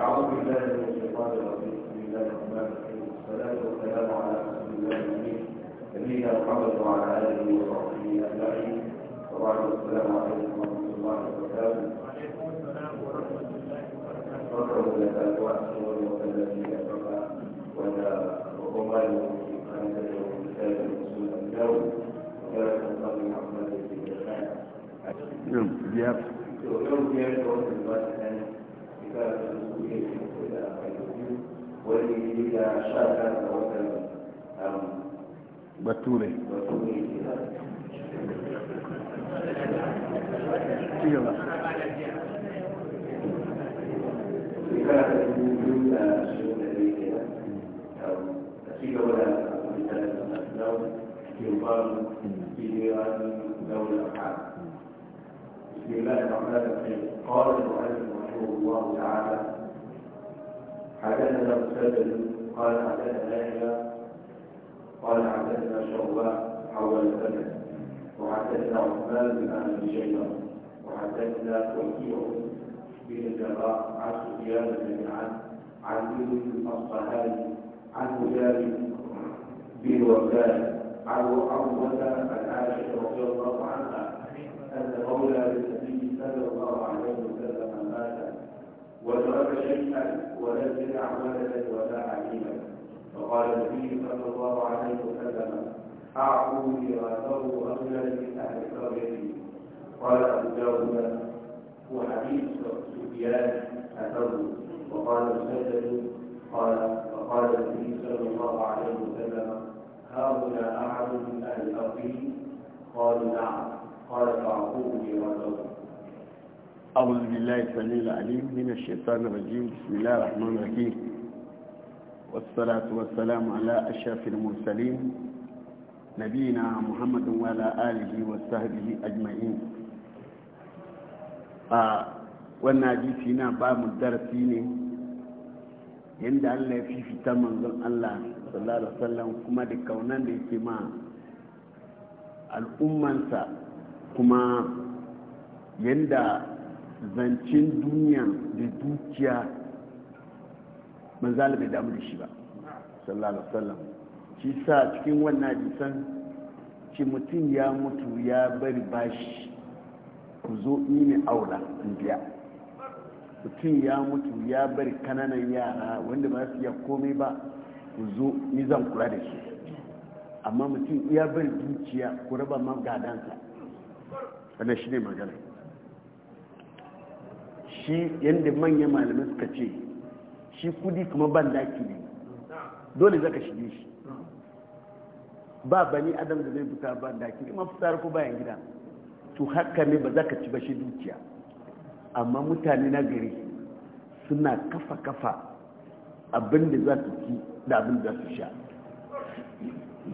أعوذ بالله من الشيطان الرجيم بسم الله الرحمن الرحيم والصلاة والسلام على رسول الله نبينا محمد وعلى آله وصحبه أجمعين وبعد السلام عليكم ورحمة الله وعليكم السلام ورحمة الله وبركاته وكرم لك وأشكر وسلم لك وأنا وقمال وأنت وكتاب الرسول الجو وكانت مصلي محمد بن الخير. نعم. اليوم كتاب المسؤولية إلى غيره والذي إذا شاء توكل أم بتوري بتوري يلا كتاب المسؤولية في دولة يقال في دولة بسم الله الرحمن الرحيم قال المؤلف رحمه الله تعالى حدثنا مسدد قال حدثنا يحيى قال حدثنا شعبة حول سنة وحدثنا عثمان بن أبي شيبة وحدثنا وكيع بن الجراح عن سفيان بن عن عن بن الصهاري عن مجاهد بن وكان عن عروة عن عائشة رضي الله عنها أن مولى للنبي صلى الله عليه وسلم وترك شيئا ولا ابتدع ولدا ولا عليما فقال النبي صلى الله عليه وسلم اعطوا ميراثه رجلا من اهل قريتي قال ابو داود وحديث سفيان اثره وقال مسدد قال فقال النبي صلى الله عليه وسلم هؤلاء احد من اهل قريتي قالوا نعم قال فاعطوه ميراثه أعوذ بالله السميع العليم من الشيطان الرجيم بسم الله الرحمن الرحيم والصلاة والسلام على أشرف المرسلين نبينا محمد وعلى آله وصحبه أجمعين wannan hadisi na ba mu darasi ne yadda Allah ya fifita manzon Allah sallallahu alaihi wasallam kuma da kaunan da yake ma al'ummansa kuma yadda zancen duniya da dukiya manzala bai damu da shi ba sallallahu alaihi wasallam shi sa cikin wannan hadisan ce mutum ya mutu ya bari bashi ku zo ne aula in biya mutum ya mutu ya bari kananan yara wanda ba su iya komai ba ku zo ni zan kula da shi amma mutum ya bari dukiya ku raba ma gadansa wannan ne magana shi yadda manyan malamai suka ce shi kudi kuma ban daki ne dole zaka shige shi ba bani adam da zai fita ban daki kuma fitar ko bayan gida to haka ne ba za ka ci ba shi dukiya amma mutane na gari suna kafa kafa abin da za su ci da abin da su sha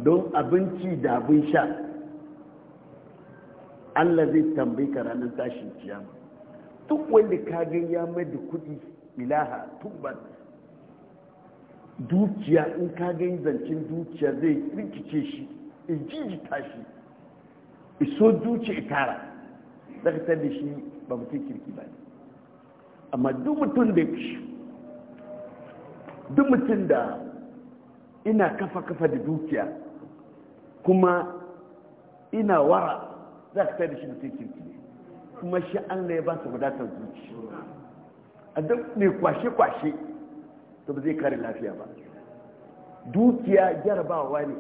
don abinci da abin sha Allah zai tambayi ka ranar tashin kiyama duk wanda kagan ya mai da kudi ilaha tubban dukiya in kagan zancen dukiya zai rikice shi ijijita shi iso duce itara daga ta da shi ba mutum kirki ba amma duk mutum da duk mutum da ina kafa-kafa da dukiya kuma ina wara za ka da shi mutum kirki kuma shi Allah ya ba su wadatar zuci a duk mai kwashe-kwashe to ba zai kare lafiya ba dukiya jarabawa ne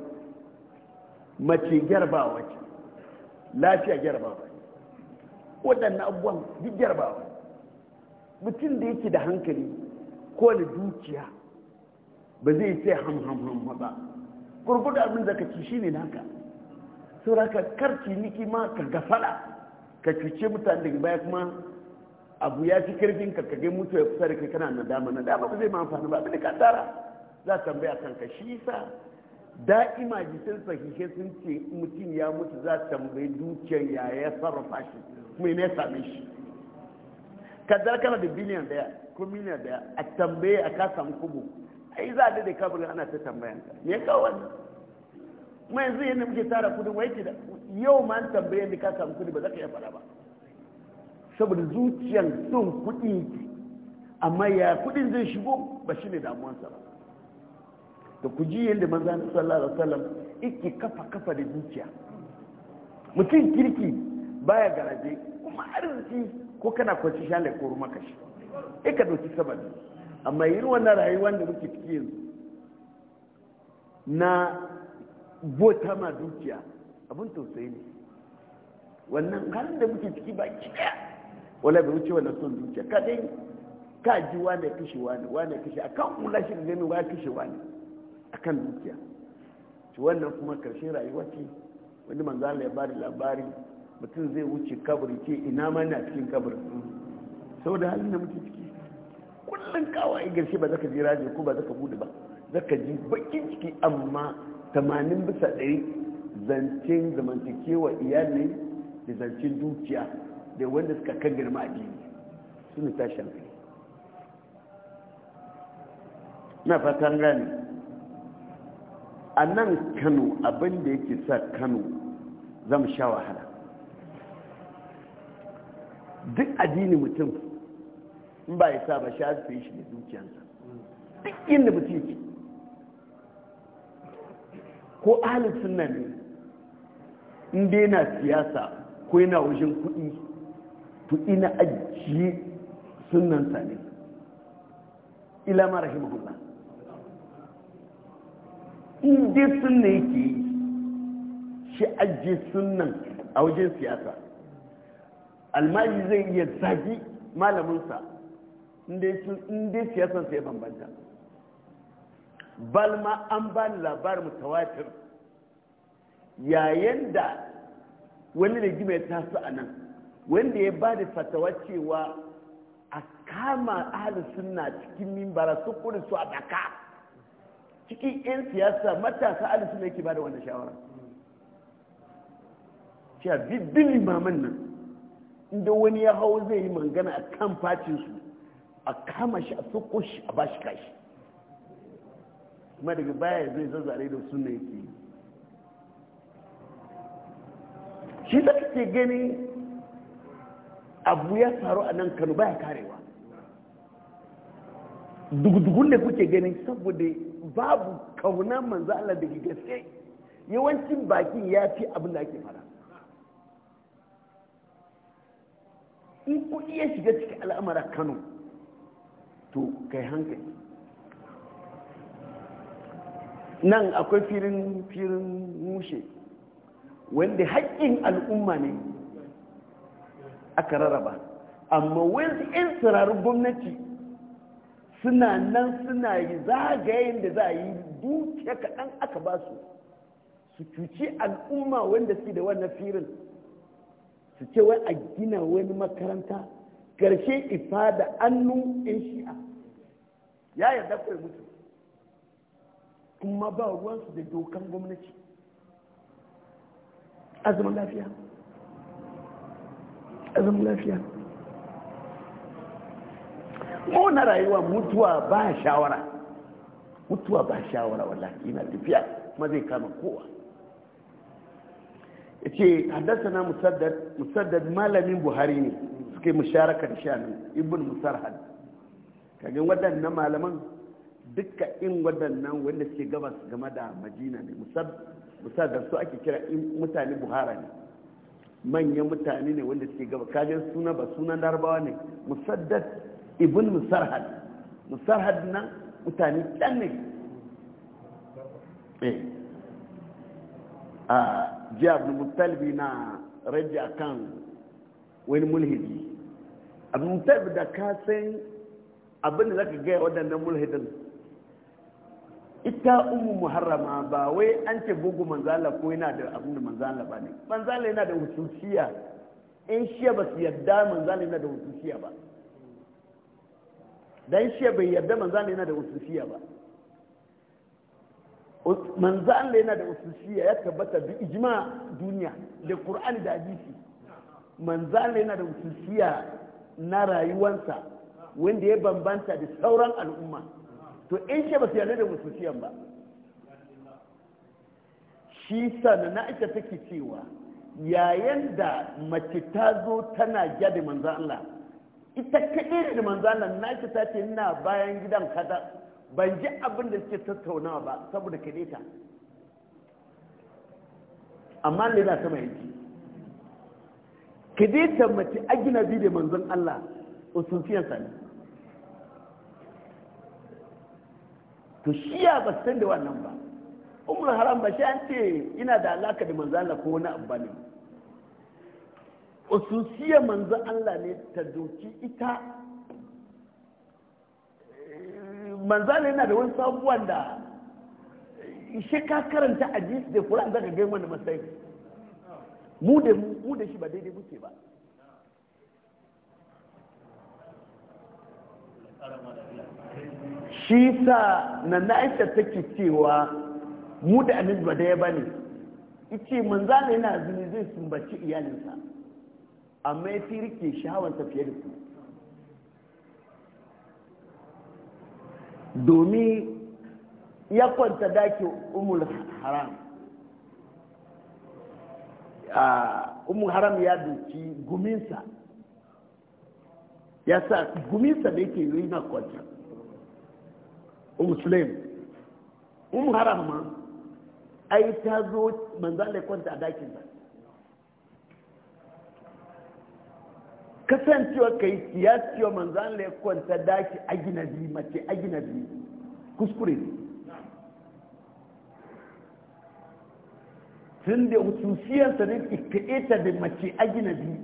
mace jarabawa ce lafiya jarabawa ne waɗannan abubuwan duk jarabawa mutum da yake da hankali ko da dukiya ba zai sai ham ham ham ba da abin zaka ci shi ne naka sauraka karci niki ma ka gafala ka cuce mutane daga baya kuma abu ya fi karfin ka kage mutu ya kusa da kai kana na dama ba zai ma amfani ba abin da ka tara za ta tambaya ka shi yasa da'ima jikin sahihe sun ce mutum ya mutu za a tambayi dukiyar ya ya sarrafa shi kuma ne same shi kaddar kana da biliyan daya ko miliyan daya a tambaye a ka samu kubo ai za a dade kabarin ana ta tambayanka me ya kawo wannan kuma yanzu yadda muke tara kudin wai ke da yau ma an tambaye ni ka samu kudi ba za ka iya fara ba saboda zuciyan son kudi amma ya kudin zai shigo ba shi ne damuwansa ba da ku ji yadda manzo na sallallahu alaihi wasallam yake kafa kafa da zuciya mutum kirki baya garaje kuma arziki ko kana kwanci shalai ko maka shi e ka dauki sababi amma yin wannan rayuwar da muke ciki yanzu na bota ma dukiya abin tausayi ne wannan halin da muke ciki ba kiɗa wala bai wuce wannan son dukiya ka dai ka ji wane kashe wane wane kashe kan kula shi gani wa kashe wane kan dukiya to wannan kuma karshen rayuwa ce wani manzan ya bada labari mutum zai wuce kabari ce ina ma na cikin kabarin saboda halin da muke ciki kullum kawai garshe ba zaka ji radio ko ba zaka bude ba zaka ji bakin ciki amma tamanin bisa ɗari zancen zamantakewa iyali da zancen dukiya da wanda suka kan girma a jini ne tashi fi na fatan gani a nan kano abinda yake sa kano zama sha wahala duk addini mutum in ba ya sa ba sha su yi shi da dukiyansa duk inda mutum yake ko ahalin suna ne inda yana siyasa ko yana wajen kuɗi to ina ajiye sunansa ne ila ma rahimahullah in dai sunna yake yi shi ajiye sunan a wajen siyasa almaji zai iya zagi malaminsa inda siyasa sai ya bambanta bal an ba ni labarin mutawatir yayin da wani rigima ya taso a nan wanda ya ba da fatawa cewa a kama ahalin sunna cikin mimbara su kuri su a daka cikin 'yan siyasa matasa ahalin sunna yake ba da wannan shawara cewa bibbin limaman nan inda wani ya hau zai yi mangana a kan su a kama shi a suko shi a bashi kashi kuma daga baya zai zazzare da suna yake shi da kake gani abu ya faru a nan kano baya karewa dugudugun da kuke gani saboda babu kauna manzo Allah da gaske yawancin bakin ya fi abin da ake fara in kuɗi iya shiga cikin al'amara kano to kai hankali nan akwai firin firin mushe wanda haƙƙin al'umma ne aka rarraba amma wanzu 'yan tsirarun gwamnati suna nan suna yi zagayen da za a yi duke kaɗan aka ba su su cuci al'umma wanda su da wannan firin su ce wai a gina wani makaranta ƙarshe ifa da annu 'yan shi'a ya yarda kawai musu. kuma ba ruwansu da dokan gwamnati azumin lafiya azumin lafiya na rayuwa mutuwa ba shawara mutuwa ba shawara wallahi ina tafiya kuma zai kama kowa ya ce haddasa na musaddad malamin buhari ne suke musharaka da shanu ibn musarhad kagin waɗannan malaman duka in waɗannan wanda suke gabas game da madina ne musa da su ake kira in mutane buhara ne manyan mutane ne wanda suke gabas kajin suna ba sunan darbawa ne musaddad ibn musarhad musarhad nan mutane ɗan ne eh. ah, a jiya abin mutalibi na rajja kan wani mulhidi abin mutalibi da ka san abin da zaka gaya waɗannan mulhidin ita umu muharrama ba wai an ce bugu manzala ko yana da abin da manzala ba ne manzala yana da hususiya in shiya ba su yarda manzala yana da hususiya ba dan shiya bai yadda manzala yana da hususiya ba manzala yana da hususiya ya tabbata bi ijma duniya da qur'ani da hadisi manzala yana da hususiya na rayuwansa wanda ya bambanta da sauran al'umma to in ce ba su yarda da musulciyan ba shi sana na ita take cewa yayin da mace ta zo tana gya da manzan Allah ita kaɗai da manzan Allah na ita ta ce ina bayan gidan kada ban ji abin da suke tattaunawa ba saboda kaɗai ta amma ne za sama yanki kaɗai ta mace gina bi da manzan Allah usulfiyarsa sani. to shiya ba san da wannan ba umar haram ba shi an ce ina da alaka da manzo Allah ko wani abu ne ususiyar manzo Allah ne ta doki ita manzo Allah yana da wani sabuwan da shi ka karanta hadis da Qur'an zaka ga wani masai mu da mu da shi ba daidai muke ba shi sa na ta take cewa mu da annabi ba daya bane mun zane yana azumi zai sumbaci iyalinsa amma ya fi rike shawansa fiye da su domin ya kwanta dake umul haram umul haram ya doki guminsa ya sa guminsa da yake yi na kwanta muslim um harama ai ta zo manzan da kwanta a dakin ba kasancewa kai kiyasiyo manzan da kwanta daki aginabi mace a gina aginabi kuskure ne tun da hususiyarsa ne ke ta da mace a aginabi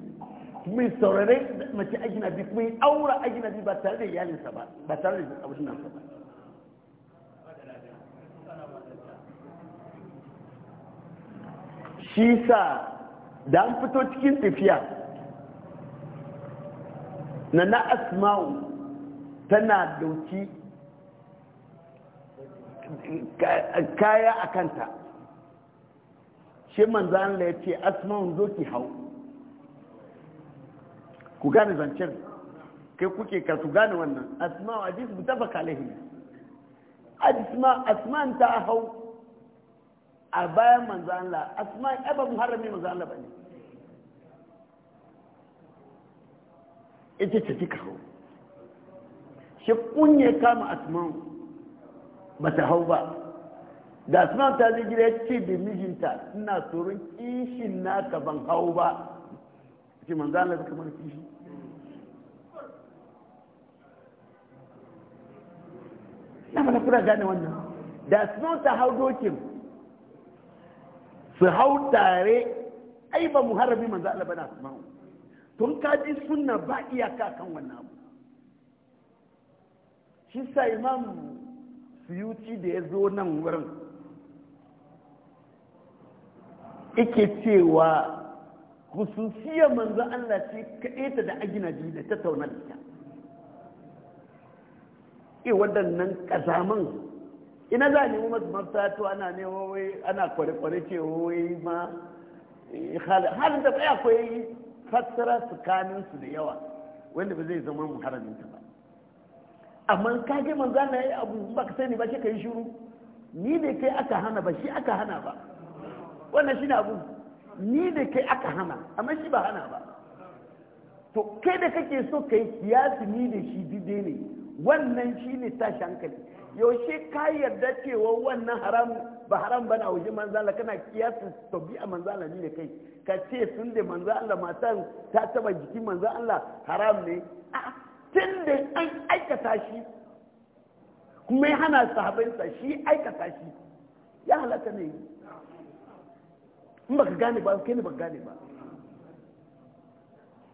kuma yi saurare mace a aginabi kuma yi aura a gina aginabi ba tare da iyalinsa ba ba tare da abin nan ba shi sa da an fito cikin tafiya na na asma'u tana dauki kaya a kanta shi manzan ya ce asma'un zo ki hau ku gane zancen kai kuke ka su gane wannan asma'u hadis mutafaka lahi asma'an ta hau a bayan Manzala Allah asma ai ba muharrami manzo ba bane ita ce ta hau shi kunye kama asman ba ta hau ba da asman ta zai gida ya ce da mijinta suna tsoron kishin naka ban hau ba ce Manzala Allah zai kamar kishi na fara kura gane wannan da asman ta hau dokin su hau tare ai ba harabi manzo Allah bana asma'u tun ka ji sunna ba iyaka kan wannan abu shi sa imam suyuti da ya zo nan wurin ike cewa hususiyar manzo Allah ce kaɗaita da agina ji da ta taunar ita e waɗannan ƙazaman ina za a nemi masu mafita to ana nemo wai ana kware ce wai ma eh, halin da bai akwai fassara tsakanin su da yawa wanda ba zai zama muharamin ta ba amma ka ga manzo na yi abu ba ka sani ba ka yi shiru ni da kai aka hana ba shi aka hana ba wannan shine abu ni da kai aka hana amma shi ba hana ba to kai da kake so kai kiyasi ni da shi dide ne wannan shine tashi hankali yaushe ka yarda cewa wannan haram ba haram bana waje manzo Allah kana kiyasin tabi'a a manzala ne kai ka ce sun da manzala Allah matan ta taba jikin manzala Allah haram ne a tun da an aikata shi kuma ya hana sahabinsa shi aikata shi ya halatta ne in baka gane ba kai ne baka gane ba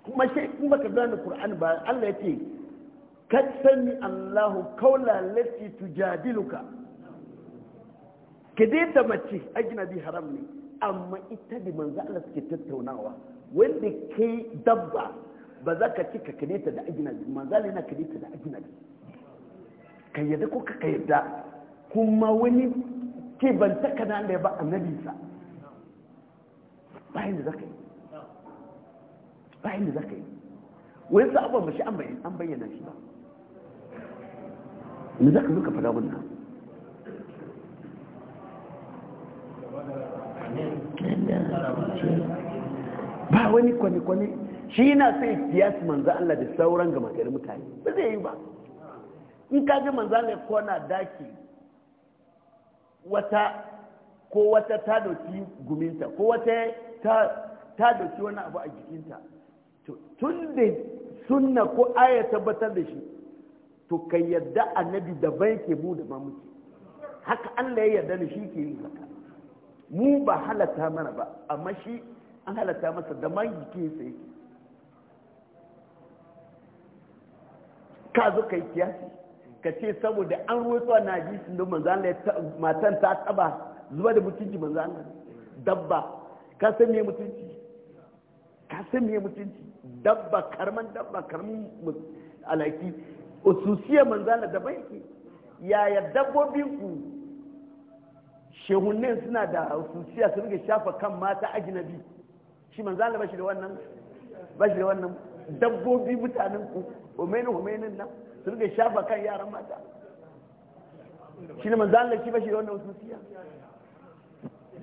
kuma shi in baka gane Qur'ani ba Allah ya ce kad sami allahu kaula lati tujadiluka kade da mace bi haram ne amma ita da manzo Allah suke tattaunawa wanda ke dabba ba za ka ci ka kadaita da da ajnabi manzo Allah yana kade ta da ajnabi ka yadda ko ka yadda kuma wani ke ban taka na Allah ba annabi sa bayan da zaka yi bayan da zaka yi wani sa abin ba shi an bayyana shi ba ne za ka zuka fada wannan ba wani kwane-kwane shi yana sai kiyasi manzan Allah da sauran gama gari mutane ba zai yi ba in ka ji manzo Allah ko daki wata ko wata ta dauki guminta ko wata ta doki wani abu a jikinta tun da sunna ko aya tabbatar da shi to ka yadda annabi daban ke mu da mamuke haka Allah ya yarda ni shi ke yi haka mu ba halatta mana ba amma shi an halatta masa da man jike sai yake ka zo kai kiyasi ka ce saboda an ruwa na sun da manzan Allah matan ta taba zuba da mutunci manzan Allah dabba ka san me mutunci ka san me mutunci dabba karman dabba karman alaki ususiyar manzana da banki yaya dabbobin ku shehunnen suna da ususiya su rike shafa kan mata ajinabi shi manzala ba shi da wannan ba shi da wannan dabbobi mutanen ku homenin homenin nan su rike shafa kan yaran mata shi ne manzala shi ba shi da wannan ususiya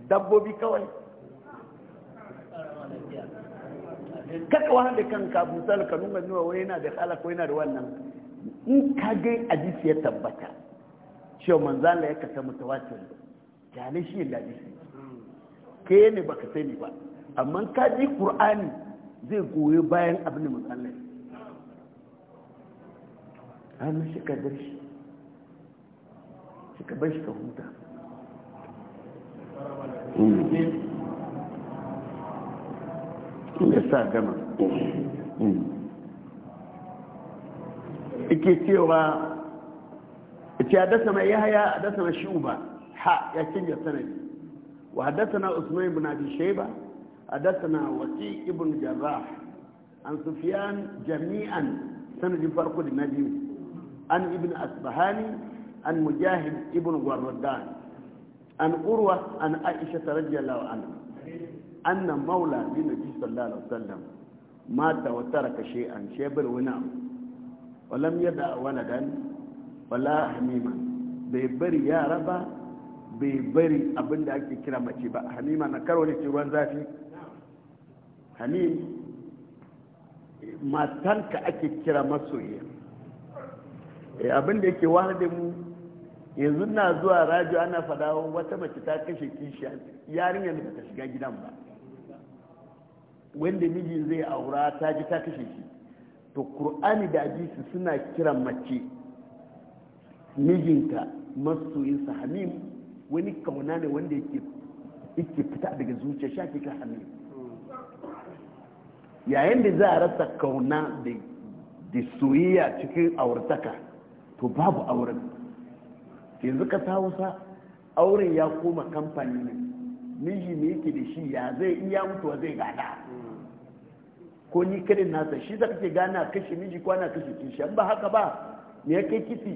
dabbobi kawai kaka wahan da kanka busal ka nuna nuna wani yana da halaka wani yana da wannan in ka gai hadisi ya tabbata cewa manzo Allah ya kasa mutawatir jale shi da hadisi ke ne ba baka sani ba amma ka ji qur'ani zai goyi bayan abin da manzo ya shi ka bar shi shi ka bar shi ka huta in hmm. ya sa gama hmm. yake cewa ce haddasa mai yahaya haddasa na shuba ha ya canja sanadi wa haddasa na usman ibn abi shayba haddasa na wasi ibn jarrah an sufiyan jami'an sanadin farko da na biyu an ibn asbahani an mujahid ibn gwarradan an urwa an aisha radiyallahu anha anna maula bi nabi sallallahu alaihi wasallam mata wa taraka shay'an shaybar wani abu walam yada waladan wala hamima bai bari yara ba bai bari abinda ake kira mace ba hamima na karo ne ce ruwan zafi hamim matanka ake kira masoyiya Eh abinda yake wahalda mu yanzu na zuwa rajo ana fada wata mace ta kashe kishi yarinyar ba ta shiga gidan ba wanda miji zai aura ta ji ta kashe shi to ƙur'ani da hadisi suna kira mace mijinka masoyinsa hamim wani kauna ne wanda yake fita daga zuciya sha ke hamim yayin da za a rasa kauna da soyayya cikin aurataka to babu auren yanzu ka hausa auren ya koma kamfani ne miji ne yake da shi ya zai iya mutuwa zai gada ko ni karin nasa shi za kake gana kashe miji ko ana kashe kishi ba haka ba me ya kai kifi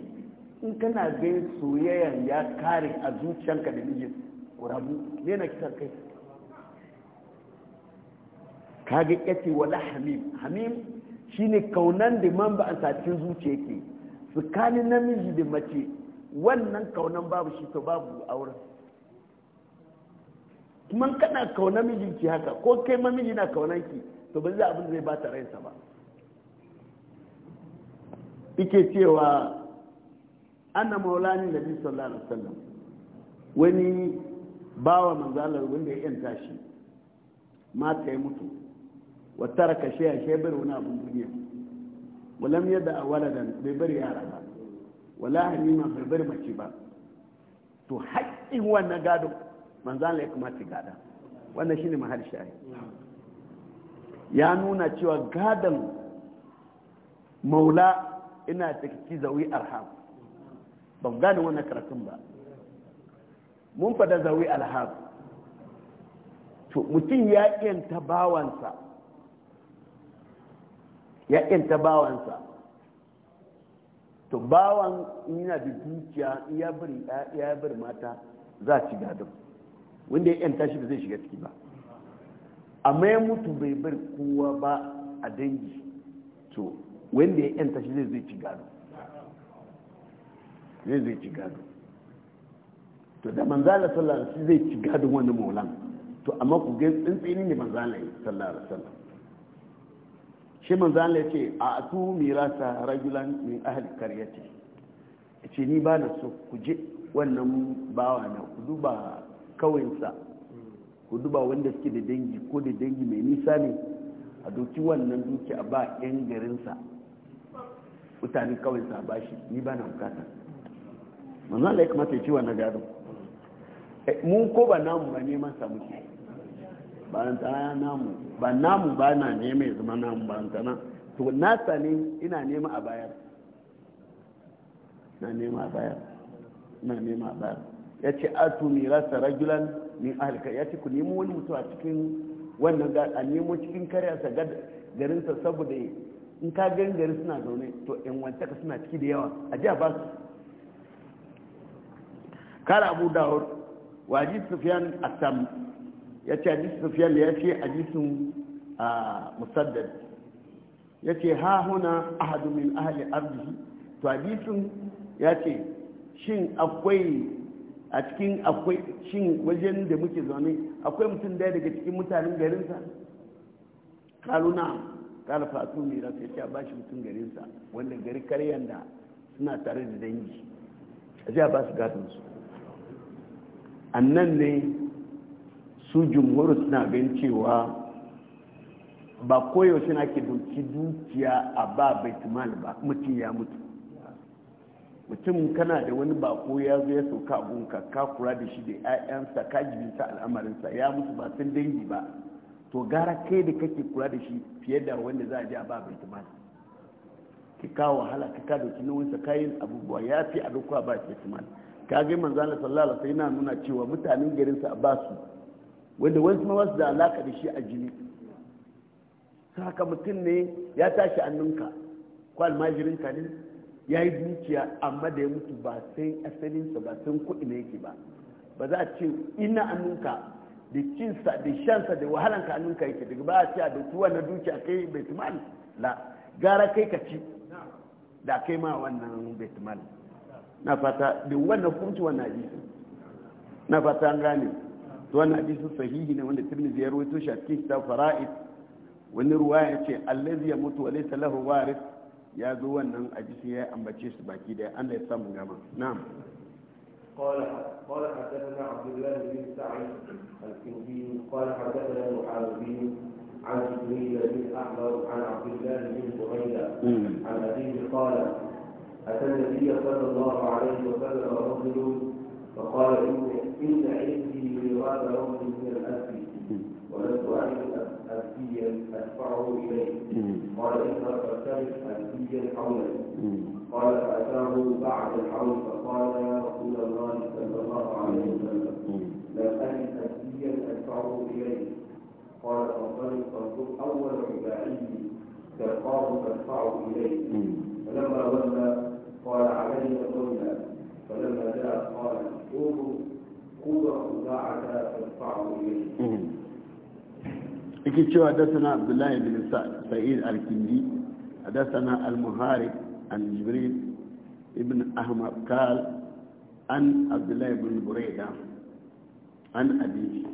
in kana gai soyayyar ya kare a zuciyanka da miji ku rabu me na kisan kai ga yace wala hamim hamim shine kaunan da man ba a sacin zuciya yake tsakanin namiji da mace wannan kaunan babu shi to babu auren kuma kana kauna mijinki haka ko kai ma miji na ki. to ba za abin zai bata ransa ba ike cewa ana maulani nabi sallallahu alaihi wani bawa manzalar wanda ya yanta shi mata ya mutu wa taraka shay'a bar wani abin duniya walam a waladan bai bari yara ba wala halima bai bari mace ba to haƙƙin wannan gado manzalar ya kamata gada wannan shine mahal shahid ya nuna cewa gadon maula ina cikin zawi arham ban gane wannan karatun ba mun fada zawi alham to mutum ya yanta bawansa ya yanta bawansa to bawan yana da dukiya ya bari mata za a ci gadon wanda ya yanta shi ba zai shiga ciki ba amma ya mutu bai bar kowa ba a dangi to wanda ya yanta shi zai zai ci gado zai zai ci gado to da manzala sallallahu shi zai ci gado wani maulan to amma ku ga tsintsini ne manzala ya alaihi wasallam shi manzala ya ce a atu mirasa ragulan min ahli ya ce ni ba na so ku je wannan bawa na ku duba sa ko duba wanda suke da dangi ko da dangi mai nisa ne a doki wannan duki a ba 'yan garinsa mutane kawai sa ba shi ni ba na bukata manzo Allah ya kamata ya ci wannan gado eh, mu ko ba namu ba neman sa muke ba nan tsaya namu ba namu ba na nema ya zama namu ba nan to na sani ina nema a bayar na nema a bayar na nema a bayar ya ce atu mirasa rajulan min ahalka ya ce ku nemo wani mutum a cikin wannan a nemo cikin karyarsa garinsa saboda in ka garin gari suna zaune to wanta wantaka suna ciki da yawa a jiya ba su kala abu dawud wa hadith sufyan asam ya ce hadith sufyan ya ce hadithun musaddad ya ce ha huna ahadu min ahli ardihi to hadithun ya ce shin akwai a cikin akwai shin wajen da muke zaune akwai mutum daya daga cikin mutanen garinsa kaluna kala fatu mai rasu ya ba shi mutum garinsa wanda gari karyan da suna tare da dangi a a ba su gadon su annan ne su jumhuru suna gan cewa ba koyaushe na ke dukiya a ba baitumal ba mutum ya mutu mutum kana da wani bako ya zo ya sauka a gunka ka kura da shi da 'ya'yansa ka jibinta al'amarinsa ya musu ba sun dangi ba to gara kai da kake kura da shi fiye da wanda za a ji a ba bai tumani ki kawo wahala ka ka dauki nauyin ka kayan abubuwa ya fi a dokuwa ba ke tumani ka ga manzo Allah sallala sai na nuna cewa mutanen garin sa ba su wanda wasu ma wasu da alaka da shi a jini saka mutum ne ya tashi annunka ko almajirin ne ya yi dukiya amma da ya mutu ba sai asalinsa ba sai kuɗi ne yake ba ba za a ce ina annunka da cinsa da shansa da wahalanka annunka yake daga ba a ce a dauki wannan dukiya kai baitmal la gara kai ka ci da kai ma wannan baitmal na fata da wannan hukunci wannan hadisi na fata an gane to wannan hadisi sahihi ne wanda tirmidhi ya rawaito shi a cikin kitab fara'id wani ruwaya ce allazi yamutu wa laysa lahu waris ya zo wannan hadisi ya ambace su baki da Allah ya samu gama na'am قال قال حدثنا عبد الله بن سعيد الكندي قال حدثنا المحاربين عن جبريل بن احمر عن عبد الله بن بريده عن ابيه قال اتى النبي صلى الله عليه وسلم رجل فقال ان ان عندي ميراث رجل من الاسد ولست اعرف ألفيا أدفعه إليه قال اذهب فاختلف ألفيا حولك قال فأتاه بعد الحول فقال يا رسول الله صلى الله عليه وسلم لم أجد ألفيا أدفعه إليه قال فانطلق فانظر أول رباعي تلقاه تدفعه إليه فلما ولى قال علي قلنا فلما جاء قال انظر قوة خزاعة تدفعه إليه yake cewa dasana abdullahi bin sa'id al-kindi dasana al-muharib an jibril ibn ahmad kal an abdullahi bin buraida an abi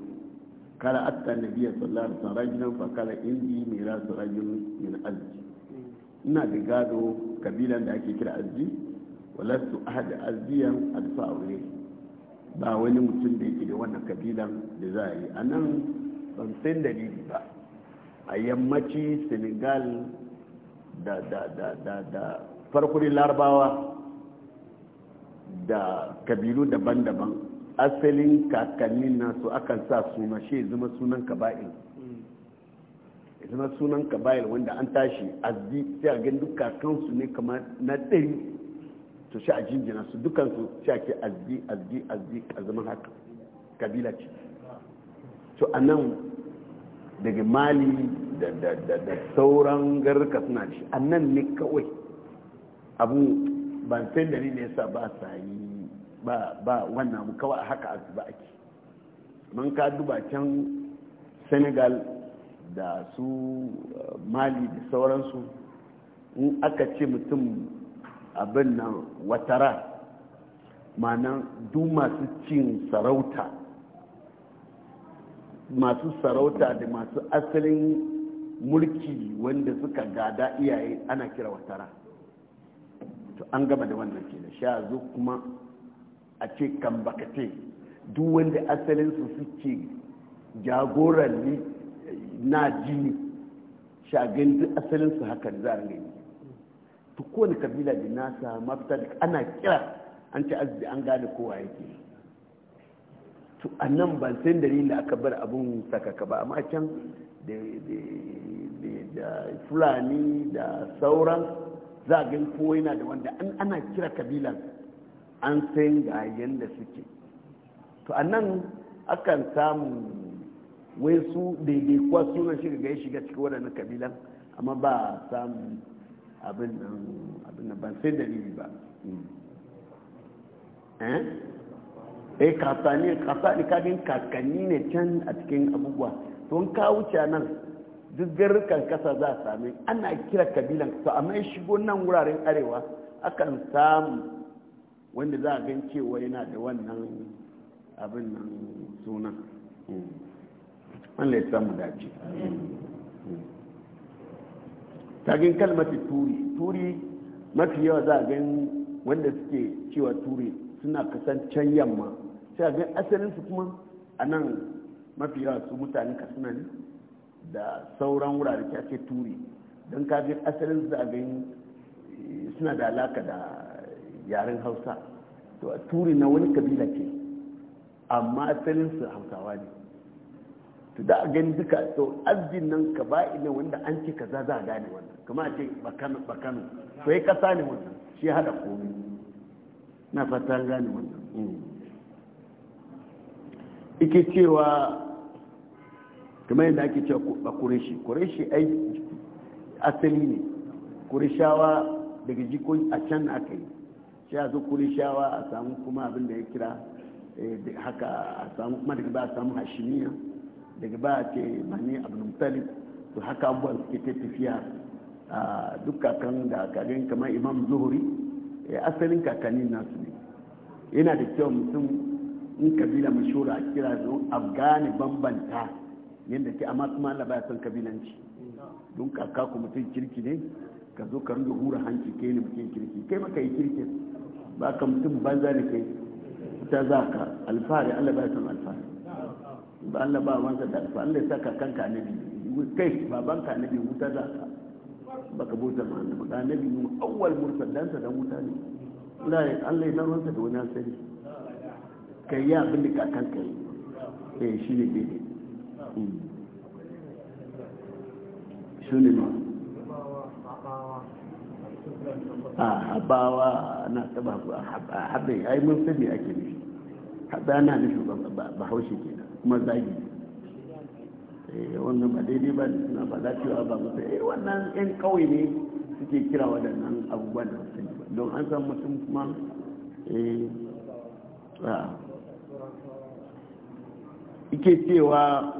kala atta nabiyya sallallahu alaihi wasallam rajulan fa kala indi miras rajul min azji ina da gado kabilan da ake kira azji walastu ahad azziyan alfa'ure ba wani mutum da yake da wannan kabilan da za a yi anan tsantsin dalili ba a yammaci senegal da da da da da farkurin larabawa da kabilu daban-daban asalin kakannin nasu akan sa suna shi zama sunan kaba'il zama sunan kaba'il wanda an tashi azdi sai a gan duka kansu ne kamar na ɗari to shi a jinjina su dukansu shi ake azdi azdi azdi a zama haka kabila ce to a nan daga mali da sauran garka suna da shi a nan ne kawai abu ban san da ne yasa ba sayi ba ba wannan abu kawai haka a zuba ake man ka duba can senegal da su uh, mali da sauransu in aka ce mutum abin nan watara ma'ana duk masu cin sarauta masu sarauta da masu asalin mulki wanda suka gada iyaye ana kira watara to an gama da wannan ke da sha zo kuma a ce kan bakate duk wanda asalinsu suke jagoran na jini shagin duk asalinsu hakan za a gani to kowane kabila da nasa mafita ana kira an ce azubi an gane kowa yake to a nan ban san dalilin aka bar abun sakaka ba amma can da fulani da sauran za a ko kowa yana da wanda ana kira kabila, an san ga yanda suke to a nan akan samu wai su daidaikuwa na shiga ga shiga cikin waɗannan kabilan amma ba samun abin nan ban san dalili ba hmm. eh eh kasa ne kasa ne kagin kakanni ne can a cikin abubuwa don ka wuce nan duk garrukan kasa za a sami ana kira kabilan to amma ya shigo nan wuraren arewa akan samu wanda za a gan cewa yana da wannan abin nan sunan wanda hmm. ya samu dace hmm. tagin kalmati turi turi mafi yawa za a gan wanda suke cewa turi suna kasan can yamma sai ga asalin su kuma a nan mafi yawa su mutane katsina ne da sauran wurare ta ce turi don ka ga asalin za abin eh, suna da alaka da yaren hausa to a turi na wani kabila ce amma asalin su hausawa ne to da a gani duka to arzin nan ka ba ina wanda an ce kaza za a gane wannan kuma a ce bakano to ya kasa ne wannan shi hada komai na fatan gane wannan mm. ike cewa kamar yadda ake cewa a kureshi kureshi ai asali ne kureshawa daga jikon a can aka yi shi a zo kureshawa a samu kuma abin da ya kira eh, haka a samu kuma daga ba a samu hashimiya daga ba a ce mani abin talib to haka abubuwan suke ta tafiya a duk kakan da kagan kamar imam zuhuri eh, asalin kakannin nasu ne yana da kyau mutum in kabila mashura a kira don a gane bambanta yadda ke amma kuma Allah baya son kabilanci don kaka ku mutum kirki ne ka zo ka ringa hura hanci kai ne mutum kirki kai maka yi kirki ba ka mutum banza ne kai ta za ka alfahari Allah baya son alfahari ba Allah ba wanka da alfahari Allah ya sa kakanka annabi kai babanka annabi wuta za ka baka bauta ma annabi annabi mu awwal mursal dan sa dan wuta ne Allah ya Allah ya da wani asali ka yi abin da kakan ka yi eh shi ne daidai hmm. shi ne ma a habawa na taba a habin yi mun sani ake nufi haɗa ana nufi ba haushe ke kuma zagi eh, wannan ba daidai ba da suna ba cewa ba mutu eh wannan yan kawai ne suke kira waɗannan abubuwan da sani ne don an san mutum kuma eh ike cewa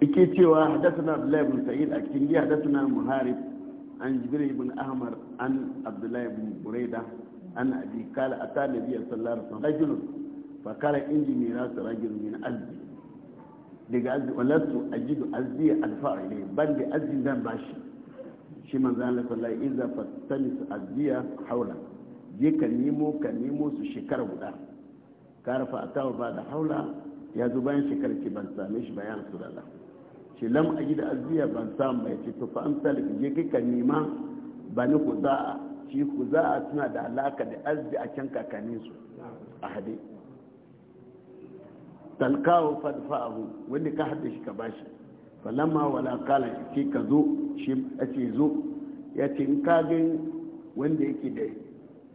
ike cewa abdullahi bin sa'id a cikin giya na muharib an jibril ibn ahmar an abdullahi bin buraida an abi kala a ta sallallahu alaihi wasallam rajulun fa kala indi miras rajul min azbi daga azbi a ajidu azbi ne, ban da azbi zan bashi shi manzo Allah sallallahu alaihi wasallam idza fattamis azbiya hawla je ka nemo ka nemo su shekara guda kara fa atawa ba da haula ya zo bayan shekarar ki ban same shi bayan su lalla shi lam a gida aziya ban samu mai ce to fa an salik je ka nema ba ni ku za'a shi ku za'a suna da alaka da azzi a can kakannin su a hade talkawo fadfa'ahu wanda ka hada shi ka bashi falamma wala kala ce ka zo shi a ce zo ya ce in ka wanda yake da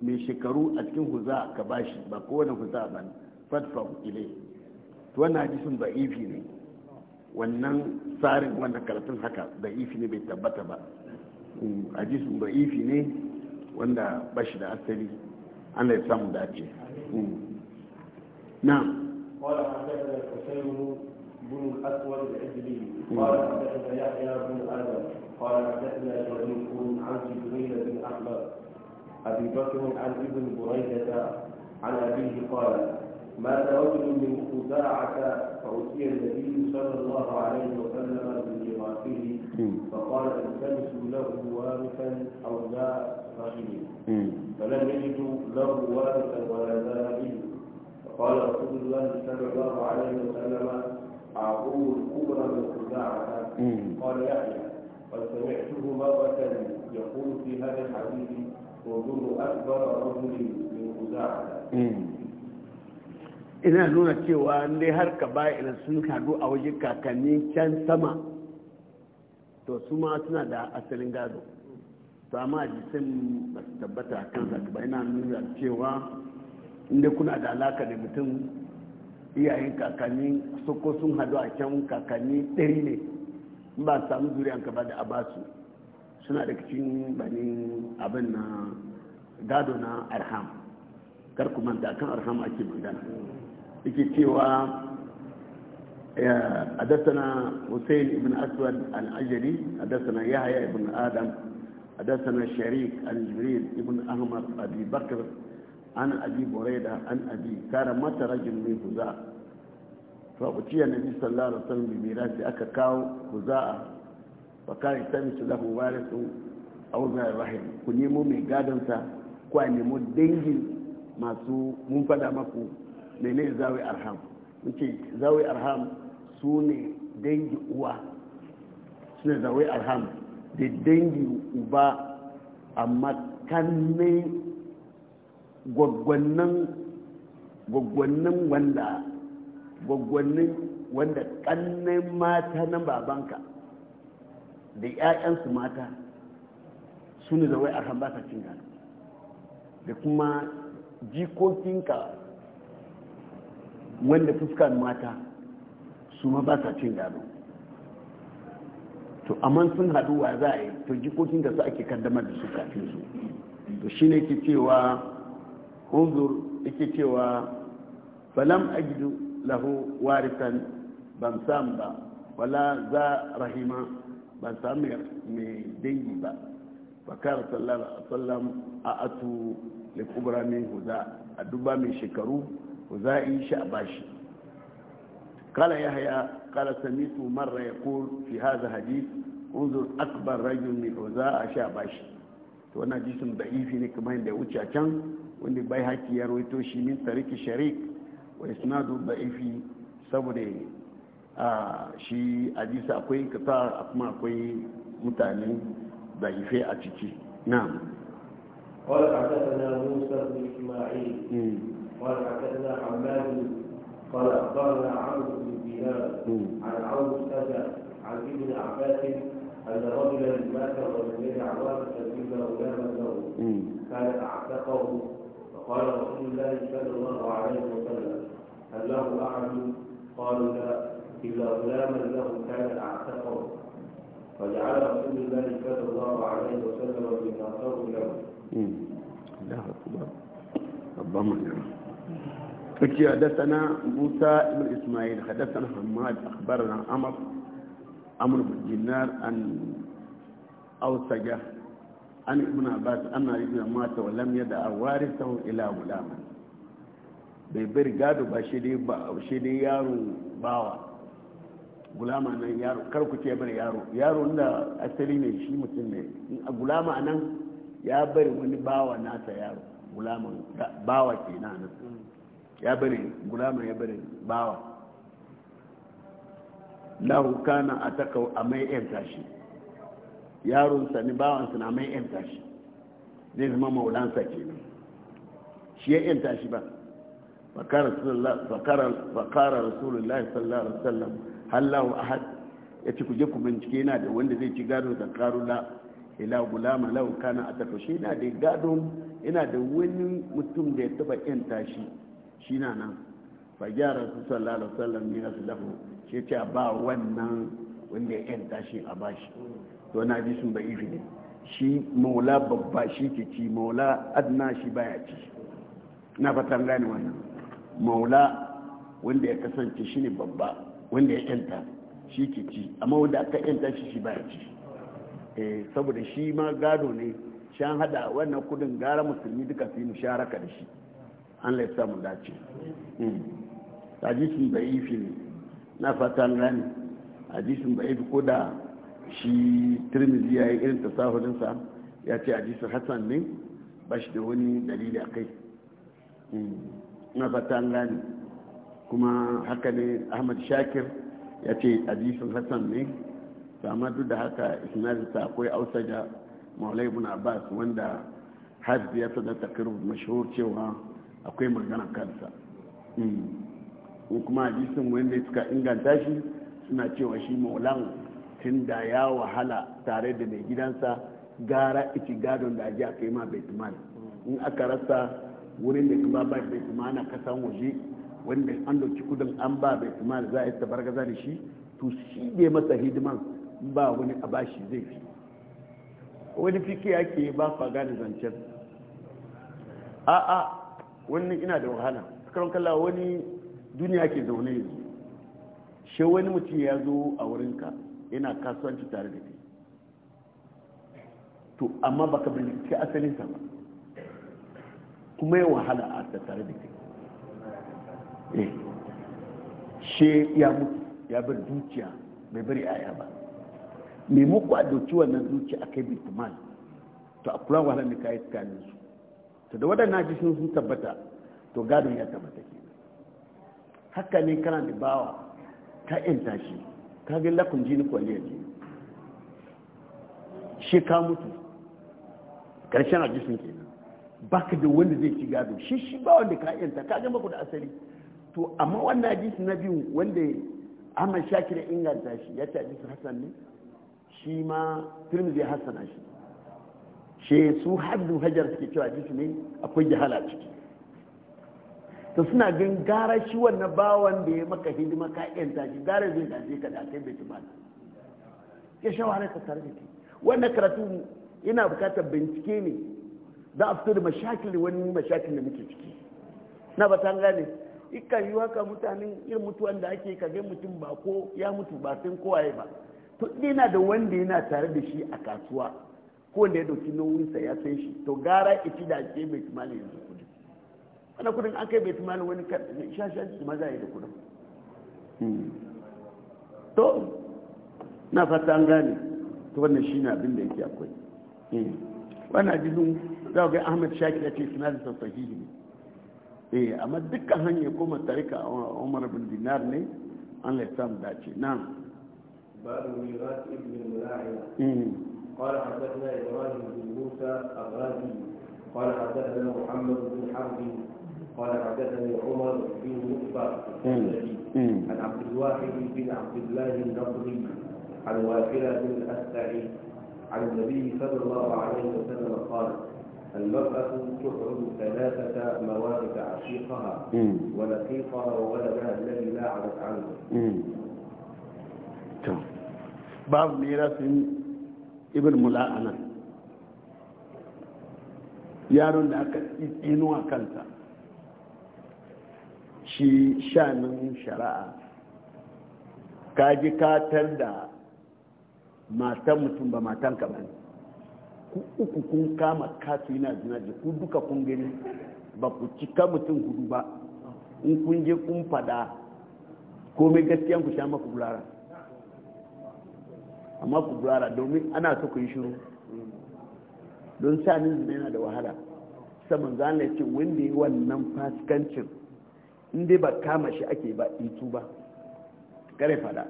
mai shekaru a cikin huza ka bashi ba kowane huza ba fatfam ile to wannan hadisin ba ifi ne wannan tsarin wannan karatun haka da ifi ne bai tabbata ba hmm, hadisin ba ifi ne wanda bashi da asali ana ya samu dace hmm. na'am قال أبي بكر عن ابن بريدة عن أبيه قال مات رجل من خزاعة فأتي النبي صلى الله عليه وسلم بميراثه فقال التمسوا له وارثا أو لا رحمه فلم يجدوا له وارثا ولا ذا رحمه فقال رسول الله صلى الله عليه وسلم أعطوه الكبرى من خزاعة قال يحيى قد سمعته مرة يقول في هذا الحديث ina nuna cewa ne har ka bayan sun kadu a waje kakanni can sama to su ma suna da asalin gado to amma jisun ba su tabbata kan zaki ba ina nuna cewa inda kuna da alaka da mutum iyayen kakanni sokosun sun hadu a can kakanni ɗari ne ba samu zuriyanka ba da abasu suna da kicin banin abin na gado na arham kar ku da kan arham ake magana yake cewa a dasana hussein ibn aswad al-ajari a dasana yahaya ibn adam a dasana sharif al-jibril ibn ahmad abi bakr an abi boreda an abi kara mata rajin mai huza fa uciya na bisan lalatan bimira da aka kawo huza'a fakari ta misu lahu warisu auzar rahim ku nemo mai gadonsa ku a nemo dangin masu mun fada maku mene zawai arham mun ce arham su ne dangi uwa su ne zawai arham da dangi uba amma kanne gwaggwannin wanda gwaggwannin wanda kanne mata nan babanka da 'ya'yansu mata su ne da wai kan basa cin gano da kuma jikokinka wanda fuskan mata su ma basa cin gano to amma sun haɗu wa za a yi to jikokin da su ake kaddamar da su kafin su to shi ne ke cewa unzur yake cewa falam gidu lahu warisan ban sam ba wala za rahima ban sami mai dangi ba fakar sallallahu sallam a atu da kubra min huza a duba mai shekaru huza in shi a bashi kala ya haya kala samitu marra ya ko fi haza hadis unzur akbar rajul min huza a sha bashi to wannan da ifi ne kamar yadda ya wuce a can wanda bai haki ya rawaito shi min tariki sharik wa isnadu ifi saboda a shi hadisi akwai kasa kuma akwai mutane zaife a ciki na'am قال حدثنا موسى بن اسماعيل قال حدثنا حماد قال اخبرنا عمرو بن دينار عن عون عن ابن عباس أن رجلا مات وسمع عوامة إلا غلاما له كان أعتقه فقال رسول الله صلى الله عليه وسلم هل له أحد؟ قالوا لا إلا غلاما له كانت أعتقه فجعل رسول الله صلى الله عليه وسلم بناصره له لا أكبر نعم. فكي حدثنا موسى بن إسماعيل حدثنا حماد أخبرنا عمر عمرو بن دينار أن أوسج عن ابن عباس أن ابن مات ولم يدع وارثه إلى غلاما bai bari gado ba shi gulama nan yaro kar ku ce bar yaro yaro da asali ne shi mutum ne a gulama nan ya bari wani bawa nasa yaro gulama bawa ke nan ya bari gulama ya bari bawa lahu kana ataka a mai yanta shi yaron sa ni bawan sa na mai yanta shi zai zama maulansa kenan shi ya yanta shi ba fakara rasulullahi sallallahu alaihi wasallam hallahu ahad ya ci kuje ku bincike yana da wanda zai ci gado da karula ila gulama lau kana tafi shi yana da gado yana da wani mutum da ya taba yan tashi shi na nan fa gyara su sallallahu alaihi ne na su dafa shi ce ba wannan wanda ya yan tashi a bashi to na bi sun bai ne shi maula babba shi ke ci maula adna shi baya ci na fatan gane wannan maula wanda ya kasance shi ne babba wanda ya yanta shi ke ci amma wanda aka yanta shi shi baya ci eh, saboda shi ma gado ne shan hada wannan kudin gara musulmi duka su yi musharaka da shi an lai mu dace hmm. hadisin bai ifi ne na fatan rani hadisin bai ifi ko da shi turmizi ya yi irin sahurinsa ya ce hadisin hassan ne ba shi da wani dalili a kai hmm. na fatan rani kuma haka ne ahmad shakir ya ce hadisin hassan ne amma duk da haka ta akwai ausaja maulai ibn abbas wanda har ya sada takir mashhur cewa akwai magana kansa hmm. kuma hadisin wanda suka inganta shi suna cewa shi maulan tun da ya wahala tare da mai gidansa gara iti gadon da ajiya kai yi ma baitman in aka rasa wurin da kuma ba bai kasan waje wanda an dauki kudin an ba bai kuma za a yi tabargaza da shi to shi bai masa hidiman ba wani a bashi zai fi wani fiki ake ba fa gane zancen a'a wani ina da wahala karon kalla wani duniya ke zaune yanzu shi wani mutum ya zo a wurinka yana kasuwanci tare da kai to amma baka bincike asalinsa ba kuma ya wahala a tattare da kai Eh. she ya mutu ya bar dukiya bai bari aya ba me muku a doki wannan dukiya akai bituman to a kula ne ka yi tsakanin su to da waɗannan ji sun tabbata to gadon ya tabbata ke haka ne kana da bawa ka yanta shi ka ga lakun jini kwaliyar jini shi ka mutu karshen ke kenan ka da wanda zai ci gado shi shi ba wanda ka yanta ka ga maku da asali to amma wannan hadisi na biyu wanda ahmad shakir inganta shi ya ta hadisi hassan ne shi ma tirmidhi hassana shi she su haddu hajar suke cewa hadisi ne akwai jahala ciki to suna gan gara shi wannan bawan da ya maka hidima ka yanta shi gara zai gaje ka da kai bai ba ke shawara ka tare da wannan karatu yana bukatar bincike ne za a fito da mashakil wani mashakil da muke ciki na ba ta gane ikan yi haka mutanen irin mutuwan da ake kage mutum ba ko ya mutu ba sun kowaye ba to ina da wanda yana tare da shi a kasuwa ko da ya dauki nauyinsa ya san shi to gara iti da ke bai tumali yanzu kudi wani kudin an kai bai tumali wani shashen su ma za a yi da kudin hmm. to na fata an gane to wannan shi na abin da yake akwai hmm. wannan hadisin za ga ahmed shaki ya ce sinadisa sahihi ne eh amma dukkan hanyar kuma tarika umar bin dinar ne an lissam dace nan babu mirat ibn mula'iya قال حدثنا ابراهيم بن موسى الرازي قال حدثنا محمد بن حرب قال حدثني عمر بن مصبر إيه. إيه. عن عبد الواحد بن عبد الله النضري عن وافرة بن الأسدعي عن النبي صلى الله عليه وسلم قال المرأة تقعد ثلاثة موارد عشيقها ولقيقها وولدها الذي لا عرف عنه بعض ميراث ابن ملاءنا يارون لك إنو أكلت شي شان شراء كاجي كاتل دا ما تمتم بما تنكبني ku uku kun kama kafi zina zinaji ku duka kun gani ba ku cika mutum hudu ba in kun je kun fada komai gaskiyan ku sha maku bulara amma ku bulara domin ana so ku yi shiru don sanin zina yana da wahala saman zane ce wanda yi wannan fasikancin in dai ba kama shi ake ba itu ba kare fada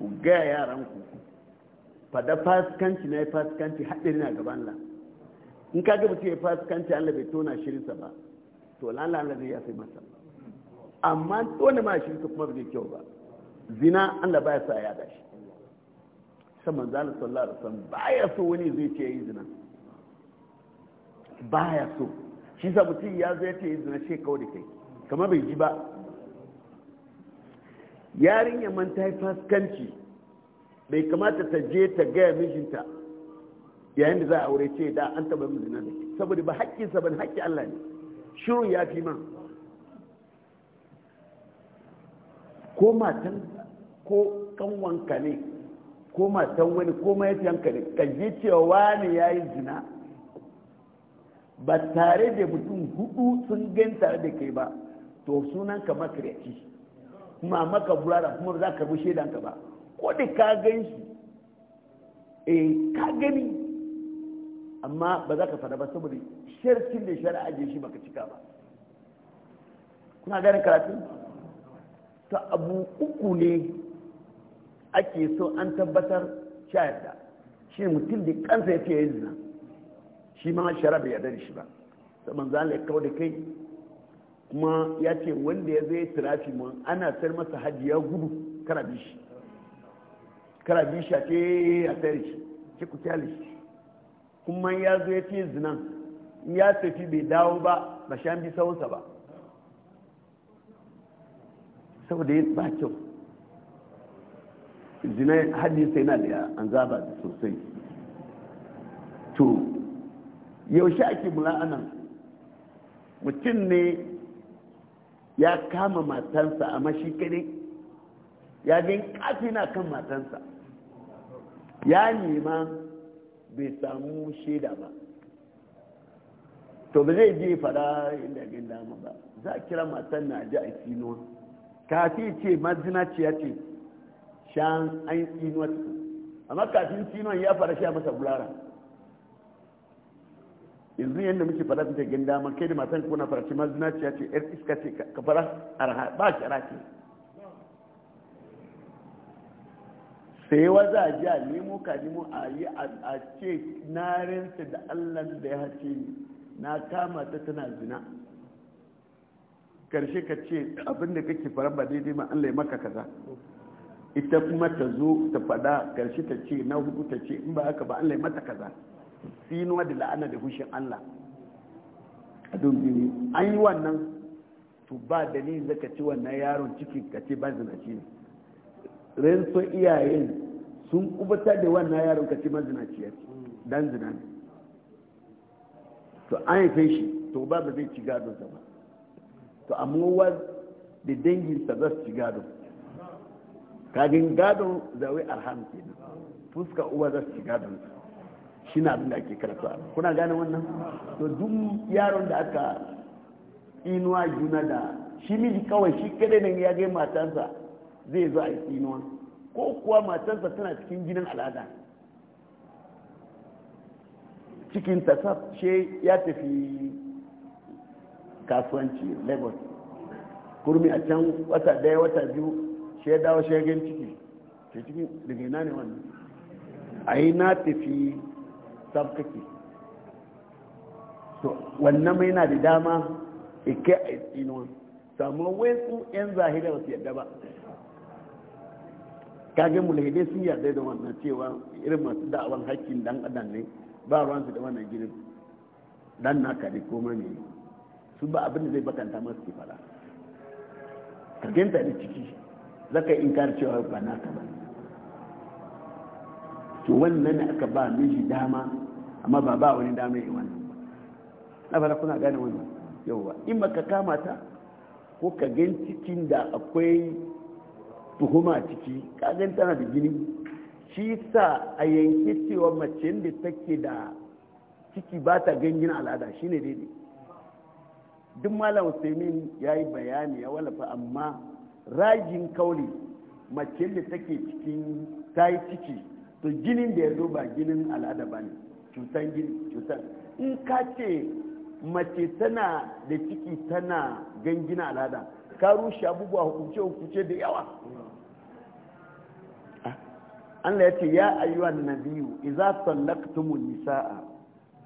ku gaya yaran ku fada fasikanci na yi fasikanci haɗari na gaban Allah in ka ga mutum ya fasikanci Allah bai tona shirinsa ba to an Allah zai yafe masa amma tona ma shirinsa kuma bai kyau ba zina Allah baya sa ya dashi saman zala sallallahu alaihi wasallam baya so wani zai ce yi zina baya so shi sa mutum ya zai ce yi zina shekau da kai kamar bai ji ba yarinya man ta yi fasikanci bai kamata ta je ta gaya mijinta yayin da za a aure ce da an taba mu zina da saboda ba sa ba haƙƙi Allah ne shirin ya fi man ko matan ko kanwanka ne ko matan wani ko mahaifiyanka ne kan je cewa wani ya zina ba tare da mutum hudu sun gan da kai ba to sunan ka makarici kuma maka burara kuma za ka rushe ka ba ko da ka gan shi eh ka gani amma ba za ka fada ba saboda shirkin da shari'a je shi baka cika ba kuna ganin karatu ta abu uku ne ake so an tabbatar shayar da shi mutum da kansa ya fiye zina shi ma shara bai yarda da shi ba saman zan a da kai kuma ya ce wanda ya zai tirafi ma ana sar masa hajji ya gudu karabi bi shi kara biyu shi a ce a tsari shi ce ku kyale shi kuma ya zo ya ce zinan ya tafi bai dawo ba ba shan bi sawunsa ba saboda ya ba kyau hadin sai na da an zaba sosai to yaushe ake anan mutum ne ya kama matansa a mashikari ya gani kafi na kan matansa ya nema bai samu shaida ba to ba zai je fada inda gin dama ba za a kira matan na ji a tsinuwa kafi ce mazina ce shan an tsinuwa amma kafin tsinuwan ya fara sha masa bulara yanzu yadda muke fara fita gin dama kai da matan kuna fara ce mazina ce yar iska ce ka fara arha ba ce sai waza a jiya nemo ka nemo a yi a ce na rinsa da allah da ya hace ni na kama ta tana zina karshe ka ce abinda kake fara ba daidai ma allah ya maka kaza ita kuma ta zo ta fada karshe ta ce na hudu ta ce in ba haka ba allah ya mata kaza sinuwa da la'ana da hushin allah a dubbini an yi wannan to ba dalilin zaka ci wannan yaron cikin ka ce ba zina ne renso iyayen sun kubutar da wannan yaron ka ce mazinaciyar dan zina ne to an yi shi to ba ba zai ci gado ba to amma wa da sa za su ci gado kagin gado zawai arham nan fuska uwa za su ci gado shi na abin da ake karatu a kuna gane wannan to duk yaron da aka inuwa juna da shi miji kawai shi kadai nan ya gai matansa zai zo a yi tsinuwa ko kuwa matarsa tana cikin jinin al'ada cikin tasar she ya tafi kasuwanci lagos kurmi a can wata daya wata biyu she ya dawo shagen ciki ke cikin daga ne wannan a yi na tafi sabkake to wannan mai na da dama ike a tsinuwa samuwa wai su 'yan zahira wasu yadda ba kage lahidai sun yarda da wannan cewa irin masu da'awan hakkin dan adam ne ba su da wannan gidan dan naka ne ko ne su ba abin da zai bakanta masu ke fara ka ganta da ciki zaka inkar cewa ba naka ba to wannan ne aka ba miji dama amma ba ba wani dama yi wannan na fara kuna gane wannan yauwa in ba ka kama ta ko ka gan cikin da akwai tuhuma ciki kagan tana da gini shi sa a yanke cewa mace da take da ciki ba ta gangin al'ada shi ne daidai duk malam usaimin ya yi bayani ya wallafa amma rajin kauli mace da take cikin ta yi ciki to jinin da ya zo ba ginin al'ada ba ne cutan gini cutan in ka ce mace tana da ciki tana gangina al'ada ka rushe abubuwa hukunce hukunce da yawa Allah ya ce ya ayyuhan nabiyu idza sallaktumun nisaa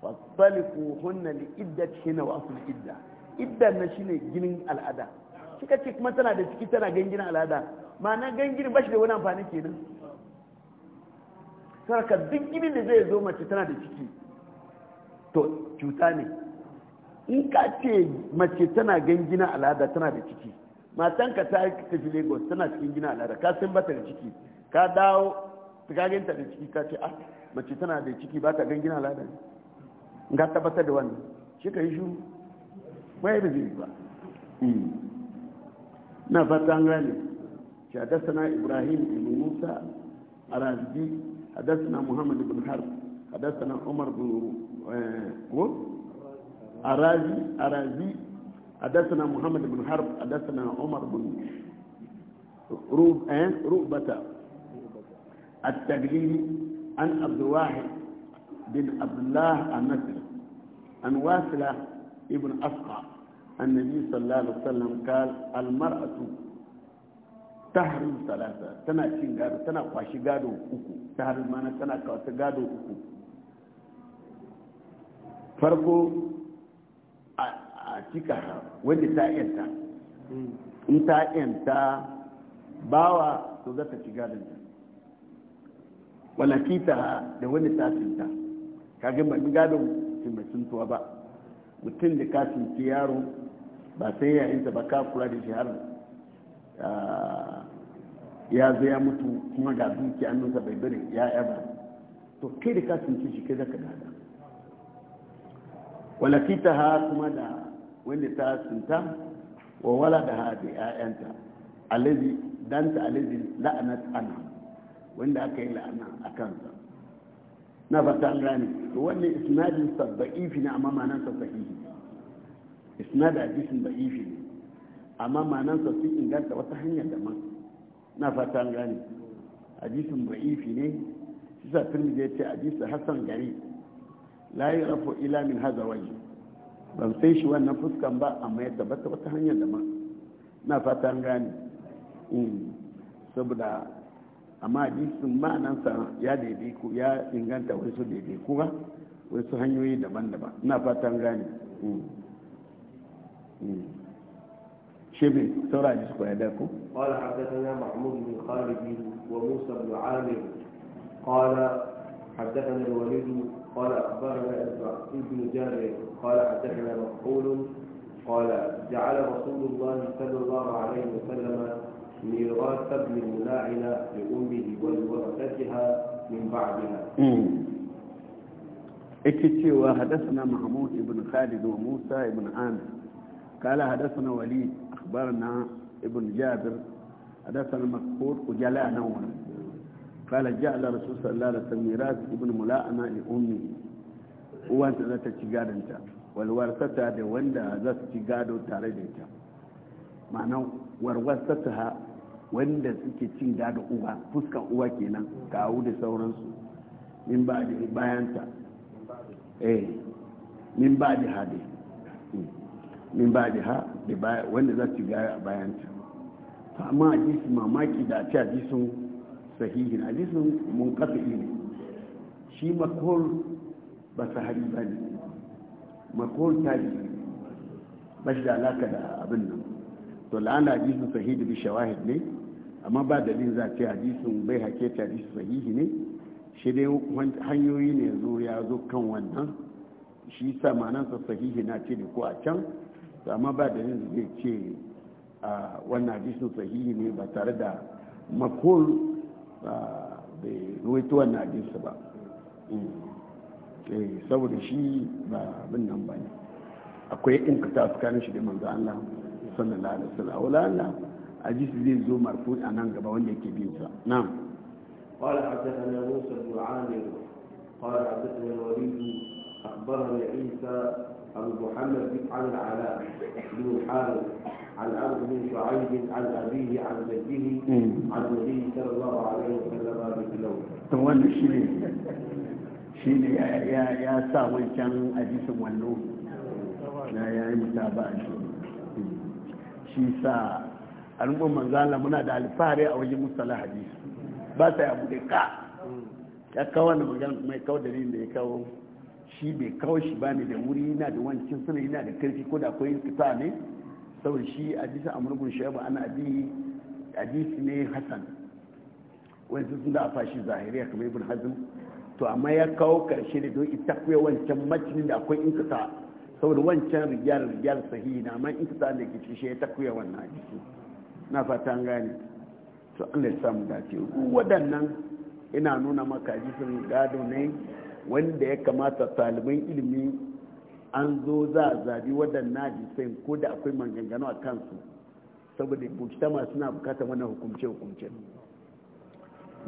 fattaliquhunna li iddatihinna wa asl idda idda na shine ginin al'ada kika ce kuma tana da ciki tana gangin al'ada ma'ana gangin ba shi da wani amfani kenan saraka duk ginin da zai zo mace tana da ciki to cuta ne in ka ce mace tana gangin al'ada tana da ciki matanka ta tafi lagos tana cikin gina al'ada ka san bata da ciki ka dawo gaganta da ciki ta ce a ah, mace tana da ciki ba ta gangina al'ada ne ga tabbatar da wannan shi ka yi shuru ba yi zai ba hmm. na fata an gane shi haddasa ibrahim ibn musa a arazbi haddasa muhammad ibn harb haddasa umar bin eh, arazi arazi حدثنا محمد بن حرب حدثنا عمر بن روب رؤبة التقليدي أن عبد الواحد بن عبد الله المثل أن واسلة ابن أسقع النبي صلى الله عليه وسلم قال المرأة تحرم ثلاثة تنا شنغادو تنا قاشغادو أكو تحرم مانا تنا قاشغادو أكو farko a cika wadda ta yanta in ta yanta bawa to zata shiga da wala kita da wani sasinta kage ba mai tuntuwa ba mutum da ka tsinci yaro ba sai ya yayinsa ba ka kula da shi har ya zo ya mutu kuma ga duki annunsa bai bari ya ba to kai da ka tsinci shi kai zaka gada wala kita ha kuma da wanda ta wa wala da ha da ya'yanta alazi danta alazi la'anat anhu wanda aka yi la'ana a kansa na fata an gane to wannan isnadin sa da'ifi ne amma manan sa sahihi isnad hadisin ba'ifi ne amma manan sa sun inganta wata hanyar man. na fata an gane hadisin ba'ifi ne shi sa turmiji ya ce hadisin hassan gari la yi rafo ilamin haza waje ban sai shi wannan fuskan ba amma ya tabbata wata hanyar man. na fata an gane hmm. saboda amma hadisin ma'anansa ya daidaiku ya inganta wasu daidaiku ba wasu hanyoyi daban-daban ina fatan gane شبه سرعة جسكو يداكو قال حدثنا محمود بن خالد وموسى بن عامر قال حدثنا الوليد قال أخبرنا ابن جابر قال حدثنا مقبول قال جعل رسول الله صلى الله عليه وسلم ميراث ابن الملاعنة لأمه ولورثتها من بعدها اكتشي وحدثنا محمود ابن خالد وموسى ابن عامر قال حدثنا وليد أخبرنا ابن جابر حدثنا مكفور وجلاء نوما قال جعل الرسول صلى الله عليه وسلم ميراث ابن ملاعنة لأمه وانت za ta انت gadonta walwarsata ذات wanda za su ci gado wanda suke cin gado uba fuskan uwa kenan kawu da sauransu min ba da bayanta eh min ba da hade hmm. min ba da ha wanda za su gaya a bayanta to amma hadisi mamaki da ce hadisin sahihin hadisin mun kafa ne shi makol ba sahabi ba ne makol ji ba shi da alaka da abin nan to la'ala hadisin sahihi bi shawahid ne amma ba dalilin za a ce hadisin bai hake ta hadisi sahihi ne shi dai hanyoyi ne yanzu ya zo kan wannan shi sa manansa sahihi na ce ne ko a can amma ba dalilin zai ce wannan hadisin sahihi ne ba tare da makol bai ruwaito wannan hadisi ba eh, saboda shi ba abin nan ba ne akwai in ka tsakanin shi da manzo Allah sallallahu alaihi wasallam wala Allah اجيس زي زو مرفوع انا غبا gaba wanda yake قال حدثنا موسى بن عامر قال حدثنا الوليد اخبرنا عيسى ابو محمد عن العلاء بن الحارث عن عبد بن شعيب عن ابيه عن جده عن النبي صلى الله عليه وسلم مثله. تولي شيلي شيلي يا يا سا كان اجيس ولو نعم. لا يا متابعه shi sa al'ummar manzala muna da alfahari a wajen musala hadisi ba sa abu da ka ya kawo na magana kuma ya kawo dalilin da ya kawo shi bai kawo shi ba ne da wuri yana da wancan sirri yana da karfi ko da akwai kita ne saboda shi a amurgun shaibu ana hadisi ne hasan wani sun da fashi a kamar ibn hazm to amma ya kawo karshe da don ita kuwa wancan macinin da akwai in kita saboda wancan rigiyar rigiyar sahihi na amma in kita da ke cishe ya takuya wannan hadisi na fatan gani to allah ya samu dace waɗannan ina nuna maka jisun gado ne wanda ya kamata taliban ilimi an zo za a zabi waɗannan jisun ko da akwai maganganu a kansu saboda masu suna bukatar wani hukumce-hukumce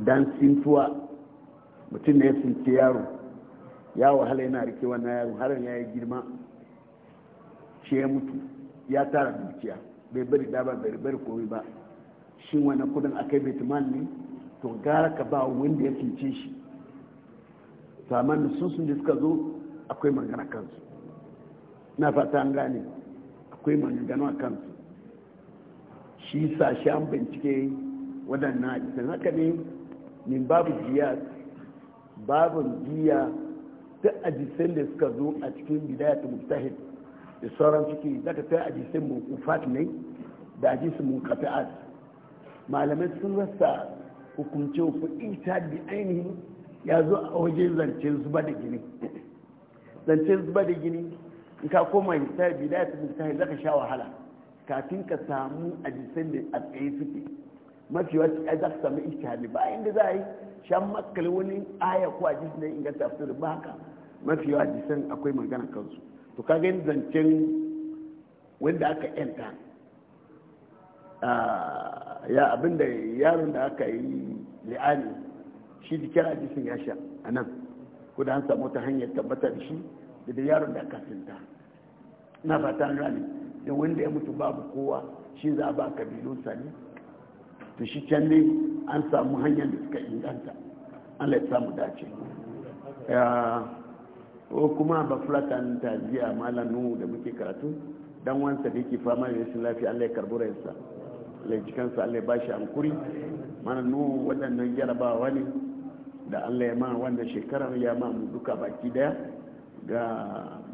dan sintuwa mutum ne ya sinci yaro ya wahala yana rike wannan yaro har ya yi girma ce mutu ya tara dukiya bai bari da ba bai bari komai ba shi wannan kudin akai baitman ne to gara ka ba wanda ya cince shi saman da su sun da suka zo akwai magana kansu na fata an gane akwai mangana kansu shi sa shi an bincike waɗannan hadisan haka ne min babu jiya babu jiya ta ajisai da suka zo a cikin bidaya ta mustahid da sauran ciki za ka sai ajisai mukufat ne da ajisai mukafi'at malamai sun rasa hukunce ku ita da ainihin ya zo a waje zancen zuba da gini zancen zuba da gini in ka koma hisabi da ya fi mustahi za ka sha wahala kafin ka samu ajisai ne a tsaye suke mafi wata ya za ka samu ishtihadi ba inda za a yi shan makal wani aya ko ajis ne inganta fito da ba haka mafi yawa akwai magana kansu to kaga yin zancen wanda aka yanta ya abinda yaron da aka yi li'ani shi jikin jisun ya sha a nan ko da an samu ta hanyar tabbatar shi da da yaron da aka sinta na fata rani da wanda ya mutu babu kowa shi za a ba kabilun sani to shi can ne an samu hanyar da suka inganta an ya samu dace ko kuma ba fulatan ta jiya malamin da muke karatu dan wansa da yake fama da rashin lafiya Allah ya karbi rayuwarsa Allah ya cikansa Allah ya bashi hankuri mana nu waɗannan jarabawa ne da Allah ya ma wanda shekarar ya ma mu duka baki daya ga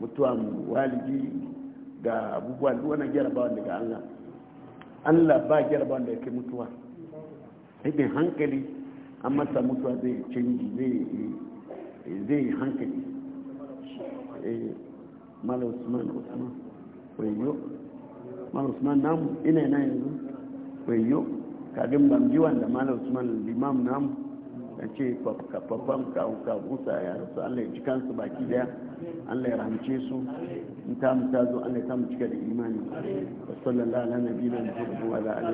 mutuwan walidi ga abubuwa duk wannan jarabawa daga Allah Allah ba jarabawa da yake mutuwa ibin hankali an masa mutuwa zai canji zai zai hankali eh mala usman namu ina yana yanzu kagin wanda mala usman limam namu ya ce kafafan kawusa ya rasu allah ya ci kansu baki daya allah ya rahamce su in ta zo allah ta cika da imani wasu lalala na biyu na